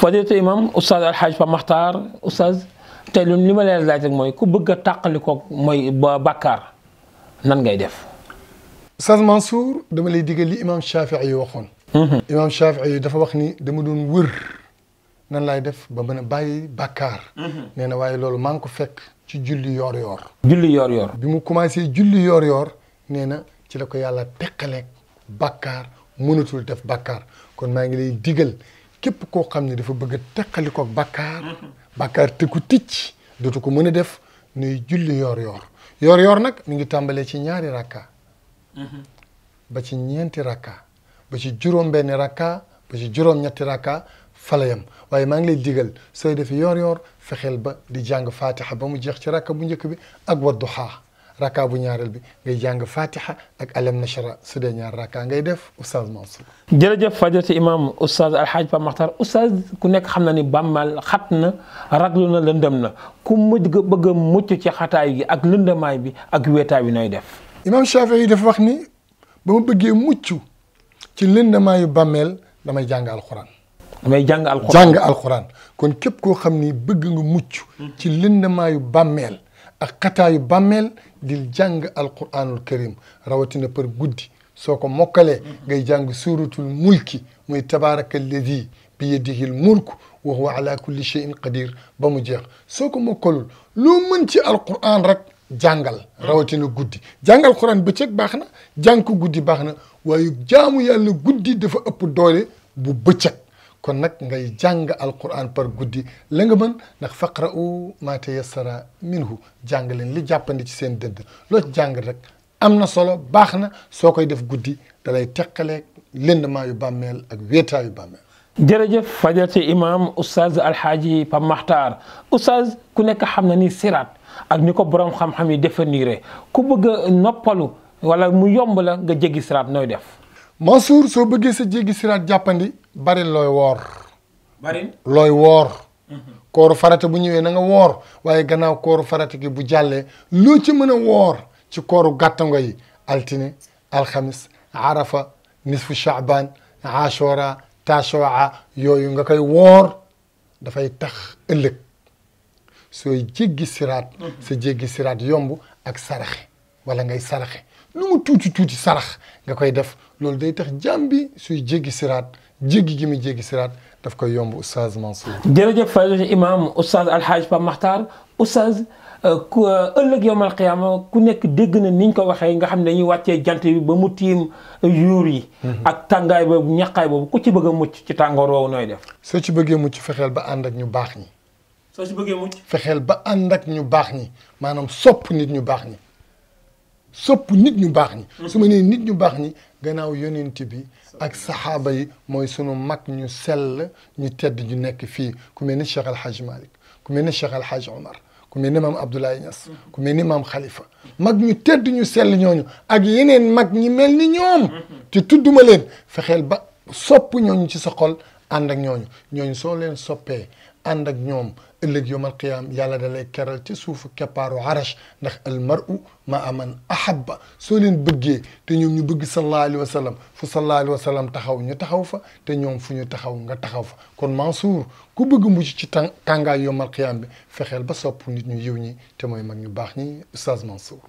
فديت امام استاذ الحاج با مختار استاذ تي لوم لي لاج موي كو بغا تاخاليكو موي بكار نان غاي ديف استاذ منصور دما لي ديغال لي امام شافعي واخون امام شافعي دا فا واخني دما دون وير نان لاي ديف با من باي بكار نينا واي لولو مانكو فك تي جولي يور يور جولي يور يور بيمو كومانسي جولي يور يور نينا تي لاكو يالا تخالك بكار مونوتول ديف بكار كون ماغي لي ديغال képp koo xam ne dafa bëgg a teqali ko bàkkaar bàkkaar te ticc dootu ko mën a def nuy julli yoor yoor nag mi ngi tàmbalee ci ñaari rakka ba ci ñeenti rakka ba ci juróom benni rakka ba ci juróom ñetti rakka falayam waaye maa ngi lay digal sooy def yoor yoor fexeel ba di jàng fatiha ba mu jeex ci rakka bu njëkk bi ak wadduha rakka bu ñaareel bi ngay jàng fatiha ak alam nashara su dee ñaar rakka ngay def oustaz Mansour jërëjëf fajati imam oustaz alhaaj Pape Makhtar oustaz ku nekk xam na ni bàmmal xat na raglu na lëndëm na ku mujj bëgg a mucc ci xataay gi ak lëndamaay bi ak weetaay bi nooy def imam dafa wax ni bëggee mucc ci lëndamaayu bàmmeel damay jàng alquran damay jàng alquran jàng alquran kon képp koo xam ni bëgg nga mucc ci lëndamaayu bàmmeel ak bammel dil jàng alquranul karim rawatina par guddi soko mokale ngay jàng suratul mulki muy tabaraka alladi bi yadihi mulk wa huwa ala kulli shay'in qadir bamu jeex soko mokol lu mën ci alquran rek jàngal rawatina guddi jàngal quran bëccëg baax baxna jàng ko guddi baxna na jaamu yàlla guddi dafa upp doole bu bëccëg kon nag ngay jàng alquran par guddi la nga mën ndax faqra'u ma tayassara minhu jàng leen li jàppandi ci seen dënd loo ci jàng rek am na solo baax na soo koy def guddi dalay teqaleeg lëndmaa yu bàmmeel ak wéetaa yu bàmmeel jërëjëf fajarti imam oustaz alhaaji Pape Makhtar oustaz ku nekk xam na ni siraat ak ni ko borom xam-xam yi définir ku bëgg a noppalu wala mu yomb la nga jéggi siraat nooy def Mansour soo bëggee sa jéggi siraat jàppandi bari looy woor. bari looy woor. Mhm. kooru farata bu ñëwee na nga woor waaye gannaaw kooru farata gi bu jàllee loo ci mën a woor ci kooru gàttango yi altine alxamis arafa nisfu shaaban ashora tashoa yooyu nga koy woor dafay tax ëllëg sooy jéggi siraat mhm. sa jéggi siraat yomb ak saraxe wala ngay saraxe lu mu tuuti tuuti sarax nga koy def loolu day tax jàmm bi suy jéggi siraat jéggi gi muy siraat daf koy yomb oustaz Mansour. jërëjëf Fadil Imam oustaz Alhaji Pape Makhtar oustaz euh, ku euh, ëllëg yowmal qiyaama ku nekk dégg na niñ ko waxee nga xam ne dañuy wàccee jant bi ba mu tiim yuur yi. Mhm. ak tàngaay boobu ñaqaay boobu ku ci bëgg a mucc ci tàngoor woowu nooy def. soo ci bëggee mucc fexeel ba ànd ak ñu baax ñi. soo ci fexeel ba ànd ak ñu baax ñi maanaam sopp nit ñu baax ñi. sopp nit ñu baax ñi mm-hmm. su ma nit ñu baax ñi gannaaw yonent bi ak saxaaba yi mooy sunu mag ñu sell ñu tedd ñu nekk fii ku mel ni Cheikh Al ku mel ni Cheikh Al ku mel ni maam Abdoulaye Niass mm-hmm. ku mel ni maam xalifa mag ñu tedd ñu sell ñooñu ak yeneen mag ñi mel ni ñoom mm-hmm. te tudduma leen fexeel ba sopp ñooñu ci sa xol ànd ak ñooñu ñooñu soo leen soppee عندك نيوم اللي يوم القيام يلا دلي كرل تسوف كبارو عرش نخ المرء ما أمن أحب سولين بجي تنيوم يبجي صلى الله عليه وسلم فصلى الله عليه وسلم تخاو ني تخاو فا تنيوم فنيو تخاو نغا تخاو فا كون منصور كو بجي مجي تنغا يوم القيام فخيل بسو بني نيوني تموي مغني باخني أستاذ منصور